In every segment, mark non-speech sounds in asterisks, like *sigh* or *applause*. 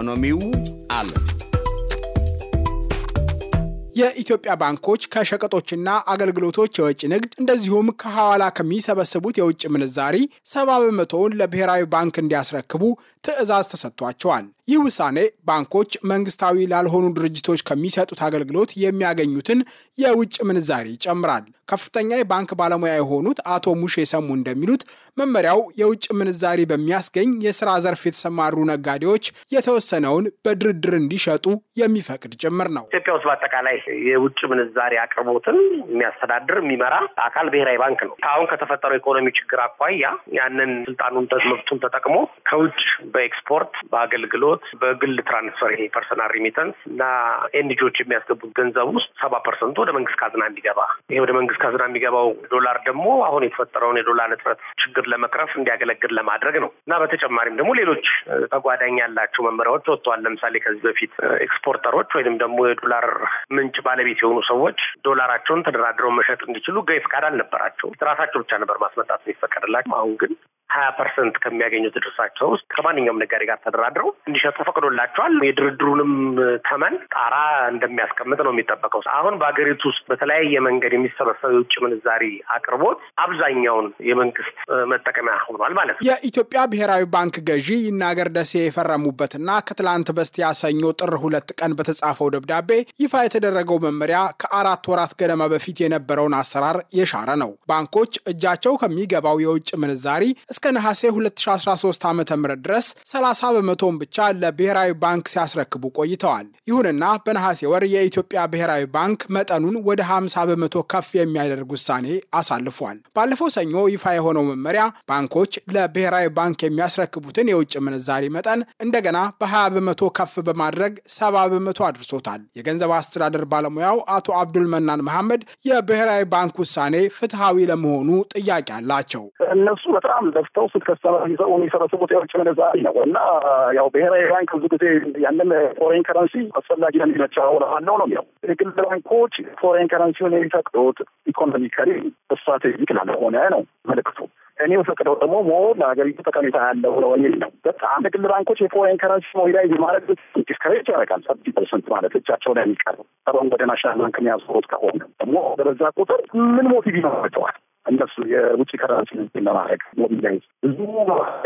ኢኮኖሚው አለ። የኢትዮጵያ ባንኮች ከሸቀጦችና አገልግሎቶች የወጪ ንግድ እንደዚሁም ከሐዋላ ከሚሰበስቡት የውጭ ምንዛሪ ሰባ በመቶውን ለብሔራዊ ባንክ እንዲያስረክቡ ትዕዛዝ ተሰጥቷቸዋል። ይህ ውሳኔ ባንኮች መንግስታዊ ላልሆኑ ድርጅቶች ከሚሰጡት አገልግሎት የሚያገኙትን የውጭ ምንዛሪ ይጨምራል። ከፍተኛ የባንክ ባለሙያ የሆኑት አቶ ሙሼ ሰሙ እንደሚሉት መመሪያው የውጭ ምንዛሪ በሚያስገኝ የስራ ዘርፍ የተሰማሩ ነጋዴዎች የተወሰነውን በድርድር እንዲሸጡ የሚፈቅድ ጭምር ነው። ኢትዮጵያ ውስጥ በአጠቃላይ የውጭ ምንዛሪ አቅርቦትን የሚያስተዳድር የሚመራ አካል ብሔራዊ ባንክ ነው። አሁን ከተፈጠረው ኢኮኖሚ ችግር አኳያ ያንን ስልጣኑን መብቱን ተጠቅሞ ከውጭ በኤክስፖርት፣ በአገልግሎት፣ በግል ትራንስፈር ይሄ ፐርሰናል ሪሚተንስ እና ኤንጂኦዎች የሚያስገቡት ገንዘብ ውስጥ ሰባ ፐርሰንቱ ወደ መንግስት ካዝና እንዲገባ ይሄ ወደ መንግስት ከ አስራ የሚገባው ዶላር ደግሞ አሁን የተፈጠረውን የዶላር እጥረት ችግር ለመቅረፍ እንዲያገለግል ለማድረግ ነው እና በተጨማሪም ደግሞ ሌሎች ተጓዳኝ ያላቸው መመሪያዎች ወጥተዋል። ለምሳሌ ከዚህ በፊት ኤክስፖርተሮች ወይንም ደግሞ የዶላር ምንጭ ባለቤት የሆኑ ሰዎች ዶላራቸውን ተደራድረው መሸጥ እንዲችሉ ቀይ ፍቃድ አልነበራቸውም። ራሳቸው ብቻ ነበር ማስመጣት የሚፈቀድላቸው። አሁን ግን ሀያ ፐርሰንት ከሚያገኙት ድርሳቸው ውስጥ ከማንኛውም ነጋዴ ጋር ተደራድረው እንዲሸጡ ፈቅዶላቸዋል። የድርድሩንም ተመን ጣራ እንደሚያስቀምጥ ነው የሚጠበቀው። አሁን በሀገሪቱ ውስጥ በተለያየ መንገድ የሚሰበሰብ የውጭ ምንዛሪ አቅርቦት አብዛኛውን የመንግስት መጠቀሚያ ሆኗል ማለት ነው። የኢትዮጵያ ብሔራዊ ባንክ ገዢ ይናገር ደሴ የፈረሙበትና ከትላንት በስቲያ ሰኞ ጥር ሁለት ቀን በተጻፈው ደብዳቤ ይፋ የተደረገው መመሪያ ከአራት ወራት ገደማ በፊት የነበረውን አሰራር የሻረ ነው። ባንኮች እጃቸው ከሚገባው የውጭ ምንዛሪ እስከ ነሐሴ 2013 ዓ ም ድረስ 30 በመቶን ብቻ ለብሔራዊ ባንክ ሲያስረክቡ ቆይተዋል። ይሁንና በነሐሴ ወር የኢትዮጵያ ብሔራዊ ባንክ መጠኑን ወደ 50 በመቶ ከፍ የሚያ የሚያደርግ ውሳኔ አሳልፏል። ባለፈው ሰኞ ይፋ የሆነው መመሪያ ባንኮች ለብሔራዊ ባንክ የሚያስረክቡትን የውጭ ምንዛሪ መጠን እንደገና በ20 በመቶ ከፍ በማድረግ 70 በመቶ አድርሶታል። የገንዘብ አስተዳደር ባለሙያው አቶ አብዱል መናን መሐመድ የብሔራዊ ባንክ ውሳኔ ፍትሐዊ ለመሆኑ ጥያቄ አላቸው። እነሱ በጣም ለፍተው ስከሰባ ይዘው የሰበሰቡት የውጭ ምንዛሪ ነው እና ያው ብሔራዊ ባንክ ብዙ ጊዜ ያንን ፎሬን ከረንሲ አስፈላጊ ነው የሚመቸው ለማን ነው ነው የሚለው የግል ባንኮች ፎሬን ከረንሲውን የሚፈቅዱት ኢኮኖሚካሊ ስትራቴጂክ ላለሆነ ነው መልክቱ። እኔ ፈቅደው ደግሞ ሞ ለሀገሪቱ ጠቀሜታ ያለው ነው የሚል ነው። በጣም የግል ባንኮች የፎሬን ከረንሲ ሞቢላይዝ የማድረግ ዲስከሬጅ ያደርጋል። ሰርቲ ፐርሰንት ማለት እጃቸው ላይ የሚቀር ሰባውን ወደ ናሽናል ባንክ የሚያዞሩት ከሆነ ደግሞ በበዛ ቁጥር ምን ሞቲቭ ይኖራቸዋል? እነሱ የውጭ ከረንሲ ለማድረግ ሞቢላይዝ ብዙ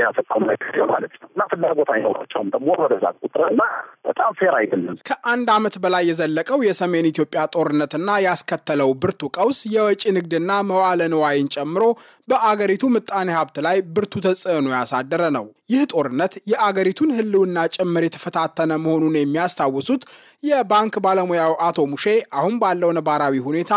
ያሰጠሙ ላይ ማለት ነው እና ፍላጎት አይኖራቸውም ደግሞ በበዛ ቁጥር እና በጣም ፌር አይደለም። ከአንድ ዓመት በላይ የዘለቀው የሰሜን ኢትዮጵያ ጦርነትና ያስከተለው ብርቱ ቀውስ የወጪ ንግድና መዋለ ንዋይን ጨምሮ በአገሪቱ ምጣኔ ሀብት ላይ ብርቱ ተጽዕኖ ያሳደረ ነው። ይህ ጦርነት የአገሪቱን ሕልውና ጭምር የተፈታተነ መሆኑን የሚያስታውሱት የባንክ ባለሙያው አቶ ሙሼ አሁን ባለው ነባራዊ ሁኔታ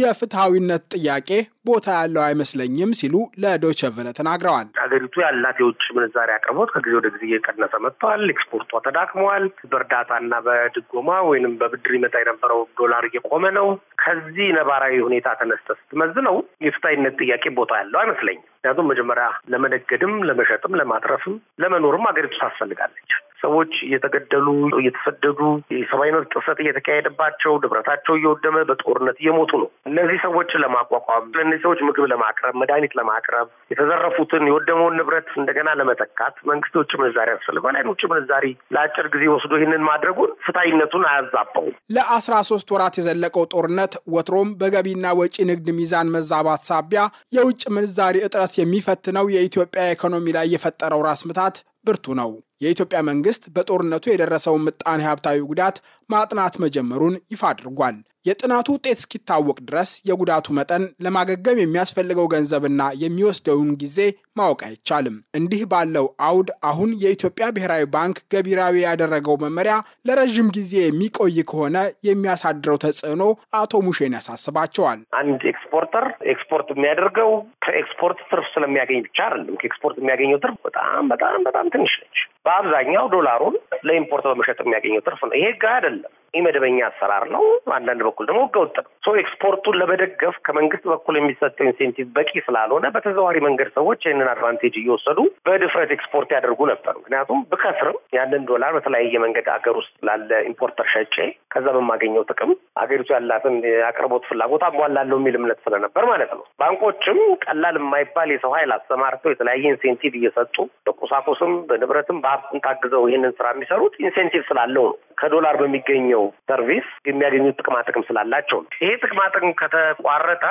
የፍትሐዊነት ጥያቄ ቦታ ያለው አይመስለኝም ሲሉ ለዶቸቨለ ተናግረዋል። ሀገሪቱ ያላት የውጭ ምንዛሪ አቅርቦት ከጊዜ ወደ ጊዜ እየቀነሰ መጥተዋል። ኤክስፖርቷ ተዳክመዋል። በእርዳታና በድጎማ ወይንም በብድር ይመጣ የነበረው ዶላር እየቆመ ነው። ከዚህ ነባራዊ ሁኔታ ተነስተ ስትመዝነው የፍታይነት ጥያቄ ቦታ ያለው አይመስለኝም። ምክንያቱም መጀመሪያ ለመነገድም ለመሸጥም ለማትረፍም ለመኖርም አገሪቱ ታስፈልጋለች። ሰዎች እየተገደሉ እየተሰደዱ የሰብአዊ መብት ጥሰት እየተካሄደባቸው ንብረታቸው እየወደመ በጦርነት እየሞቱ ነው። እነዚህ ሰዎች ለማቋቋም ለእነዚህ ሰዎች ምግብ ለማቅረብ መድኃኒት ለማቅረብ የተዘረፉትን የወደመውን ንብረት እንደገና ለመተካት መንግስት ውጭ ምንዛሪ ያስፈልገዋል። ውጭ ምንዛሪ ለአጭር ጊዜ ወስዶ ይህንን ማድረጉን ፍትሐዊነቱን አያዛባውም። ለአስራ ሶስት ወራት የዘለቀው ጦርነት ወትሮም በገቢና ወጪ ንግድ ሚዛን መዛባት ሳቢያ የውጭ ምንዛሪ እጥረት የሚፈትነው የኢትዮጵያ ኢኮኖሚ ላይ የፈጠረው ራስ ምታት ብርቱ ነው። የኢትዮጵያ መንግስት በጦርነቱ የደረሰውን ምጣኔ ሀብታዊ ጉዳት ማጥናት መጀመሩን ይፋ አድርጓል። የጥናቱ ውጤት እስኪታወቅ ድረስ የጉዳቱ መጠን፣ ለማገገም የሚያስፈልገው ገንዘብና የሚወስደውን ጊዜ ማወቅ አይቻልም። እንዲህ ባለው አውድ አሁን የኢትዮጵያ ብሔራዊ ባንክ ገቢራዊ ያደረገው መመሪያ ለረዥም ጊዜ የሚቆይ ከሆነ የሚያሳድረው ተጽዕኖ አቶ ሙሼን ያሳስባቸዋል። አንድ ኤክስፖርተር ኤክስፖርት የሚያደርገው ከኤክስፖርት ትርፍ ስለሚያገኝ ብቻ አይደለም። ከኤክስፖርት የሚያገኘው ትርፍ በጣም በጣም በጣም ትንሽ ነች። በአብዛኛው ዶላሩን ለኢምፖርት በመሸጥ የሚያገኘው ትርፍ ነው። ይሄ ህግ አይደለም። ኢመደበኛ አሰራር ነው። አንዳንድ በኩል ደግሞ ህገወጥ ነው። ሶ ኤክስፖርቱን ለመደገፍ ከመንግስት በኩል የሚሰጠው ኢንሴንቲቭ በቂ ስላልሆነ በተዘዋዋሪ መንገድ ሰዎች ይህንን አድቫንቴጅ እየወሰዱ በድፍረት ኤክስፖርት ያደርጉ ነበር። ምክንያቱም ብከስርም ያንን ዶላር በተለያየ መንገድ አገር ውስጥ ላለ ኢምፖርተር ሸጬ ከዛ በማገኘው ጥቅም አገሪቱ ያላትን የአቅርቦት ፍላጎት አሟላለሁ የሚል እምነት ስለነበር ማለት ነው። ባንኮችም ቀላል የማይባል የሰው ኃይል አሰማርተው የተለያየ ኢንሴንቲቭ እየሰጡ በቁሳቁስም፣ በንብረትም፣ በሀብትም ታግዘው ይህንን ስራ የሚሰሩት ኢንሴንቲቭ ስላለው ነው። ከዶላር በሚገኘው ሰርቪስ የሚያገኙት ጥቅማ ጥቅም ስላላቸው ነው። ይሄ ጥቅማ ጥቅም ከተቋረጠ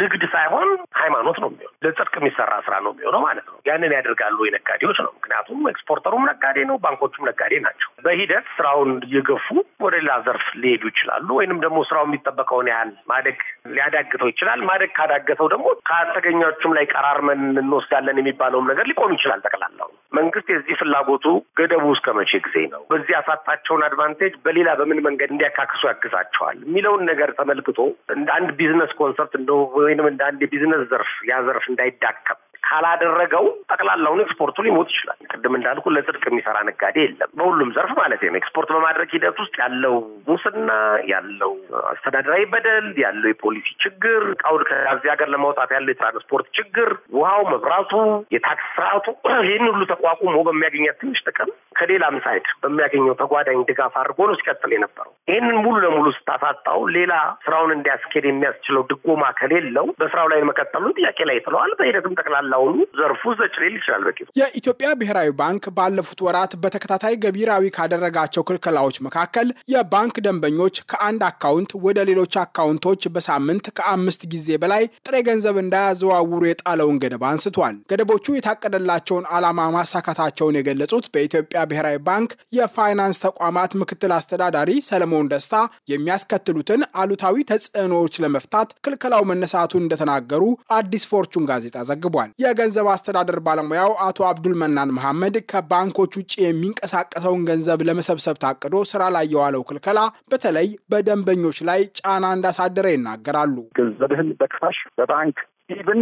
ንግድ ሳይሆን ሃይማኖት ነው የሚሆነው፣ ለጽድቅ የሚሰራ ስራ ነው የሚሆነው ማለት ነው። ያንን ያደርጋሉ ነጋዴዎች ነው። ምክንያቱም ኤክስፖርተሩም ነጋዴ ነው፣ ባንኮቹም ነጋዴ ናቸው። በሂደት ስራውን እየገፉ ወደ ሌላ ዘርፍ ሊሄዱ ይችላሉ፣ ወይንም ደግሞ ስራው የሚጠበቀውን ያህል ማደግ ሊያዳግተው ይችላል። ማደግ ካዳገተው ደግሞ ከተገኛዎቹም ላይ ቀራርመን እንወስዳለን የሚባለውም ነገር ሊቆም ይችላል ጠቅላላው መንግስት የዚህ ፍላጎቱ ገደቡ እስከ መቼ ጊዜ ነው? በዚህ ያሳጣቸውን አድቫንቴጅ በሌላ በምን መንገድ እንዲያካክሱ ያግዛቸዋል የሚለውን ነገር ተመልክቶ እንደ አንድ ቢዝነስ ኮንሰፕት እንደ ወይንም እንደ አንድ የቢዝነስ ዘርፍ ያ ዘርፍ እንዳይዳከም ካላደረገው ጠቅላላውን ኤክስፖርቱ ሊሞት ይችላል። ቅድም እንዳልኩ ለጽድቅ የሚሰራ ነጋዴ የለም፣ በሁሉም ዘርፍ ማለት ነው። ኤክስፖርት በማድረግ ሂደት ውስጥ ያለው ሙስና፣ ያለው አስተዳደራዊ በደል፣ ያለው የፖሊሲ ችግር፣ እቃውን ከዚህ ሀገር ለማውጣት ያለው የትራንስፖርት ችግር፣ ውሃው፣ መብራቱ፣ የታክስ ስርዓቱ *clears throat* ይህን ሁሉ ተቋቁሞ በሚያገኛት ትንሽ ጥቅም ከሌላም ሳይድ በሚያገኘው ተጓዳኝ ድጋፍ አድርጎ ነው ሲቀጥል የነበረው። ይህንን ሙሉ ለሙሉ ስታሳጣው ሌላ ስራውን እንዲያስኬድ የሚያስችለው ድጎማ ከሌለው በስራው ላይ መቀጠሉን ጥያቄ ላይ ጥለዋል። በሂደትም ጠቅላላ ካላውሉ ዘርፉ ዘጭሌል ይችላል። በቂ የኢትዮጵያ ብሔራዊ ባንክ ባለፉት ወራት በተከታታይ ገቢራዊ ካደረጋቸው ክልከላዎች መካከል የባንክ ደንበኞች ከአንድ አካውንት ወደ ሌሎች አካውንቶች በሳምንት ከአምስት ጊዜ በላይ ጥሬ ገንዘብ እንዳያዘዋውሩ የጣለውን ገደብ አንስቷል። ገደቦቹ የታቀደላቸውን ዓላማ ማሳካታቸውን የገለጹት በኢትዮጵያ ብሔራዊ ባንክ የፋይናንስ ተቋማት ምክትል አስተዳዳሪ ሰለሞን ደስታ የሚያስከትሉትን አሉታዊ ተጽዕኖዎች ለመፍታት ክልከላው መነሳቱን እንደተናገሩ አዲስ ፎርቹን ጋዜጣ ዘግቧል። የገንዘብ አስተዳደር ባለሙያው አቶ አብዱል መናን መሐመድ ከባንኮች ውጭ የሚንቀሳቀሰውን ገንዘብ ለመሰብሰብ ታቅዶ ስራ ላይ የዋለው ክልከላ በተለይ በደንበኞች ላይ ጫና እንዳሳደረ ይናገራሉ። ገንዘብህን በክፋሽ በባንክ ኢቭን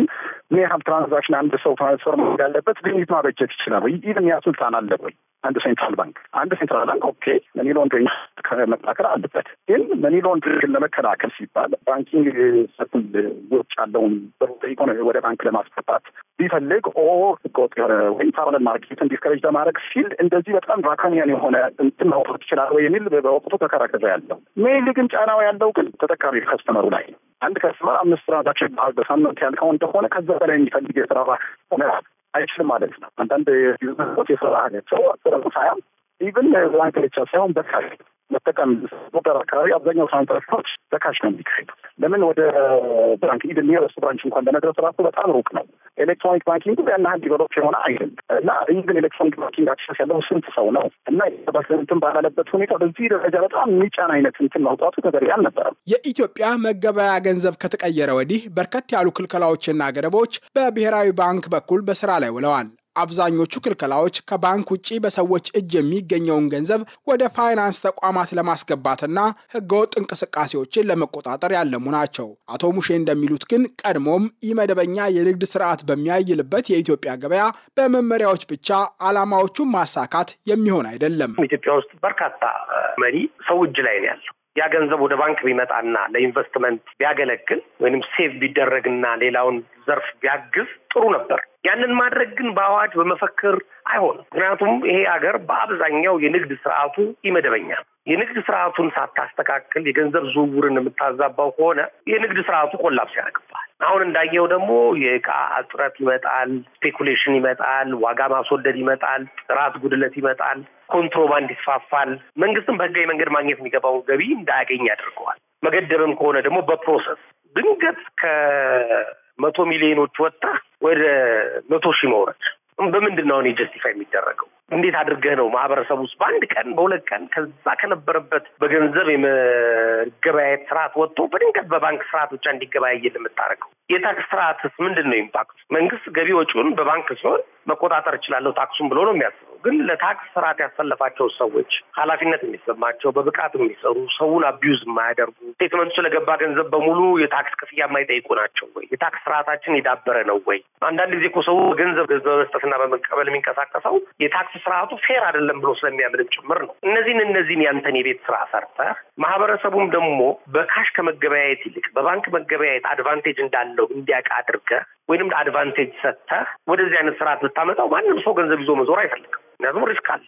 ምን ያህል ትራንዛክሽን አንድ ሰው ትራንስፈር ማድረግ አለበት ሊሚት ማበጀት ይችላል ወይ? ኢቭን ያ ስልጣን አለ ወይ? አንድ ሴንትራል ባንክ አንድ ሴንትራል ባንክ ኦኬ መኒ ሎንድሪንግ መከላከል አለበት። ግን መኒ ሎንድሪንግን ለመከላከል ሲባል ባንኪንግ ሰኩል ውጭ ያለውን ኢኮኖሚ ወደ ባንክ ለማስገባት ቢፈልግ ኦ ህገወጥ የሆነ ወይም ፓራለል ማርኬትን ዲስከሬጅ ለማድረግ ሲል እንደዚህ በጣም ራካኒያን የሆነ እንትን ማውጣት ይችላል ወይ የሚል በወቅቱ ተከራከረ ያለው ሜይሊ ግን ጫናው ያለው ግን ተጠቃሚ ከስተመሩ ላይ ነው። አንድ ከስተመር አምስት ስራታቸው ይባል በሳምንት ያልከው እንደሆነ ከዛ በላይ የሚፈልግ የስራ ሆነ አይችልም ማለት ነው። አንዳንድ ቢዝነሶች የስራ ሀገቸው ጥረቱ ሳያም ኢቨን ባንክ ብቻ ሳይሆን በካሽ መጠቀም ቁጠር አካባቢ አብዛኛው ትራንዛክሽኖች በካሽ ነው የሚካሄዱ። ለምን ወደ ብራንክ ኢቨን ኒየረስት ብራንች እንኳን ለመድረስ ራሱ በጣም ሩቅ ነው። ኤሌክትሮኒክ ባንኪንግ ያን ያህል ዲቨሎፕ የሆነ አይደለም እና ኢቭን ኤሌክትሮኒክ ባንኪንግ አክሰስ ያለው ስንት ሰው ነው እና የተባስንትን ባላለበት ሁኔታ በዚህ ደረጃ በጣም የሚጫን አይነት እንትን ማውጣቱ ተገቢ አልነበረም። የኢትዮጵያ መገበያ ገንዘብ ከተቀየረ ወዲህ በርከት ያሉ ክልከላዎችና ገደቦች በብሔራዊ ባንክ በኩል በስራ ላይ ውለዋል። አብዛኞቹ ክልከላዎች ከባንክ ውጪ በሰዎች እጅ የሚገኘውን ገንዘብ ወደ ፋይናንስ ተቋማት ለማስገባትና ህገወጥ እንቅስቃሴዎችን ለመቆጣጠር ያለሙ ናቸው። አቶ ሙሼ እንደሚሉት ግን ቀድሞም ኢመደበኛ የንግድ ስርዓት በሚያይልበት የኢትዮጵያ ገበያ በመመሪያዎች ብቻ ዓላማዎቹን ማሳካት የሚሆን አይደለም። ኢትዮጵያ ውስጥ በርካታ መሪ ሰው እጅ ላይ ነው ያለው። ያ ገንዘብ ወደ ባንክ ቢመጣና ለኢንቨስትመንት ቢያገለግል ወይም ሴቭ ቢደረግና ሌላውን ዘርፍ ቢያግዝ ጥሩ ነበር። ያንን ማድረግ ግን በአዋጅ በመፈክር አይሆንም። ምክንያቱም ይሄ ሀገር በአብዛኛው የንግድ ስርዓቱ ይመደበኛል። የንግድ ስርዓቱን ሳታስተካክል የገንዘብ ዝውውርን የምታዛባው ከሆነ የንግድ ስርዓቱ ኮላፕስ ያደርግብሃል። አሁን እንዳየው ደግሞ የእቃ እጥረት ይመጣል፣ ስፔኩሌሽን ይመጣል፣ ዋጋ ማስወደድ ይመጣል፣ ጥራት ጉድለት ይመጣል፣ ኮንትሮባንድ ይስፋፋል። መንግስትም በህጋዊ መንገድ ማግኘት የሚገባውን ገቢ እንዳያገኝ ያደርገዋል። መገደብም ከሆነ ደግሞ በፕሮሰስ ድንገት ከመቶ ሚሊዮኖች ወጣ ወደ መቶ ሺህ መውረድ በምንድን ነው አሁን የሚደረገው? እንዴት አድርገህ ነው ማህበረሰብ ውስጥ በአንድ ቀን በሁለት ቀን ከዛ ከነበረበት በገንዘብ የመገበያየት ስርዓት ወጥቶ በድንገት በባንክ ስርዓት ብቻ እንዲገበያየል የምታደርገው? የታክስ ስርዓትስ ምንድን ነው ኢምፓክቱ? መንግስት ገቢ ወጪውን በባንክ ሲሆን መቆጣጠር እችላለሁ ታክሱን ብሎ ነው የሚያስበው። ግን ለታክስ ስርዓት ያሰለፋቸው ሰዎች ኃላፊነት የሚሰማቸው በብቃት የሚሰሩ ሰውን አቢዩዝ የማያደርጉ ስቴትመንቱ ስለገባ ገንዘብ በሙሉ የታክስ ክፍያ የማይጠይቁ ናቸው ወይ? የታክስ ስርዓታችን የዳበረ ነው ወይ? አንዳንድ ጊዜ እኮ ሰው ገንዘብ በመስጠትና በመቀበል የሚንቀሳቀሰው የታክስ ስርዓቱ ፌር አይደለም ብሎ ስለሚያምንም ጭምር ነው። እነዚህን እነዚህን ያንተን የቤት ስራ ሰርተህ ማህበረሰቡም ደግሞ በካሽ ከመገበያየት ይልቅ በባንክ መገበያየት አድቫንቴጅ እንዳለው እንዲያውቅ አድርገህ ወይንም አድቫንቴጅ ሰጥተህ ወደዚህ አይነት ስርዓት ብታመጣው ማንም ሰው ገንዘብ ይዞ መዞር አይፈልግም። ምክንያቱም ሪስክ አለ።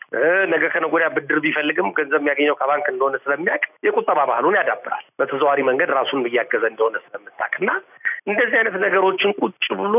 ነገ ከነገ ወዲያ ብድር ቢፈልግም ገንዘብ የሚያገኘው ከባንክ እንደሆነ ስለሚያውቅ የቁጠባ ባህሉን ያዳብራል። በተዘዋዋሪ መንገድ ራሱን እያገዘ እንደሆነ ስለምታውቅ እና እንደዚህ አይነት ነገሮችን ቁጭ ብሎ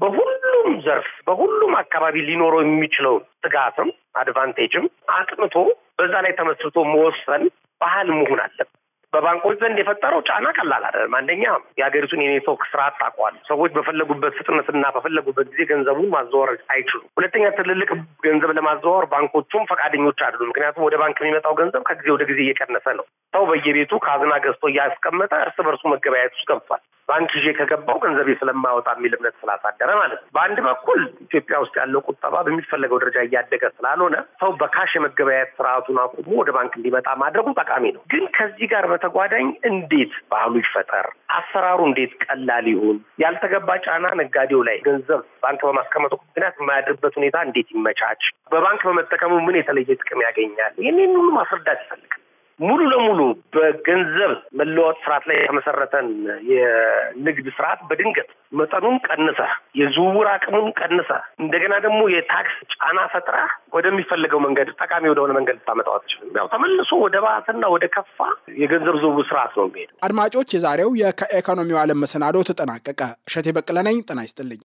በሁሉም ዘርፍ በሁሉም አካባቢ ሊኖረው የሚችለው ስጋትም አድቫንቴጅም አጥንቶ በዛ ላይ ተመስርቶ መወሰን ባህል መሆን አለበት። በባንኮች ዘንድ የፈጠረው ጫና ቀላል አይደለም። አንደኛ የሀገሪቱን የኔትወርክ ስርዓት ታውቋል። ሰዎች በፈለጉበት ፍጥነትና በፈለጉበት ጊዜ ገንዘቡን ማዘዋወር አይችሉም። ሁለተኛ ትልልቅ ገንዘብ ለማዘዋወር ባንኮቹም ፈቃደኞች አይደሉም። ምክንያቱም ወደ ባንክ የሚመጣው ገንዘብ ከጊዜ ወደ ጊዜ እየቀነሰ ነው። ሰው በየቤቱ ካዝና ገዝቶ እያስቀመጠ እርስ በርሱ መገበያየት ውስጥ ገብቷል። ባንክ ይዤ ከገባው ገንዘብ ስለማወጣ የሚል እምነት ስላሳደረ ማለት ነው። በአንድ በኩል ኢትዮጵያ ውስጥ ያለው ቁጠባ በሚፈለገው ደረጃ እያደገ ስላልሆነ ሰው በካሽ የመገበያየት ስርዓቱን አቁሞ ወደ ባንክ እንዲመጣ ማድረጉ ጠቃሚ ነው። ግን ከዚህ ጋር በተጓዳኝ እንዴት ባህሉ ይፈጠር፣ አሰራሩ እንዴት ቀላል ይሁን፣ ያልተገባ ጫና ነጋዴው ላይ ገንዘብ ባንክ በማስቀመጡ ምክንያት የማያድርበት ሁኔታ እንዴት ይመቻች፣ በባንክ በመጠቀሙ ምን የተለየ ጥቅም ያገኛል፣ ይህን ሁሉ ማስረዳት ይፈልጋል። ሙሉ ለሙሉ በገንዘብ መለዋወጥ ስርዓት ላይ የተመሰረተን የንግድ ስርዓት በድንገት መጠኑን ቀንሰ፣ የዝውውር አቅሙን ቀንሰ፣ እንደገና ደግሞ የታክስ ጫና ፈጥራ ወደሚፈለገው መንገድ ጠቃሚ ወደሆነ መንገድ ልታመጣው አትችልም። ያው ተመልሶ ወደ ባሰና ወደ ከፋ የገንዘብ ዝውውር ስርዓት ነው የሚሄድ። አድማጮች፣ የዛሬው የኢኮኖሚው ዓለም መሰናዶ ተጠናቀቀ። እሸቴ በቀለ ነኝ። ጤና ይስጥልኝ።